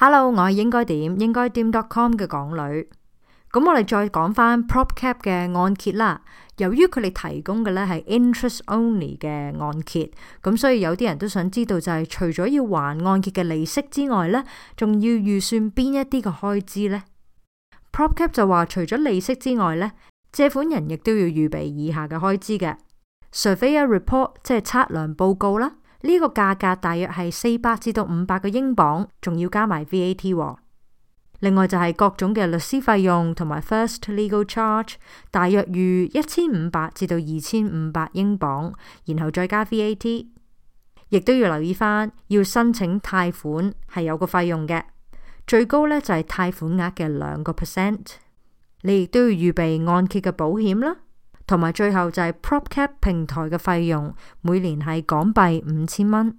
Hello，我係應該點應該點 .com 嘅港女，咁我哋再講翻 PropCap 嘅按揭啦。由於佢哋提供嘅咧係 interest only 嘅按揭，咁所以有啲人都想知道就係除咗要還按揭嘅利息之外咧，仲要預算邊一啲嘅開支咧？PropCap 就話除咗利息之外咧，借款人亦都要預備以下嘅開支嘅 survey report，即係測量報告啦。呢個價格大約係四百至到五百個英鎊，仲要加埋 VAT 哦。另外就係各種嘅律師費用同埋 First Legal Charge，大約預一千五百至到二千五百英鎊，然後再加 VAT。亦都要留意返，要申請貸款係有個費用嘅，最高呢就係貸款額嘅兩個 percent。你亦都要預備按揭嘅保險啦。同埋最後就係 ProCap 平台嘅費用，每年係港幣五千蚊。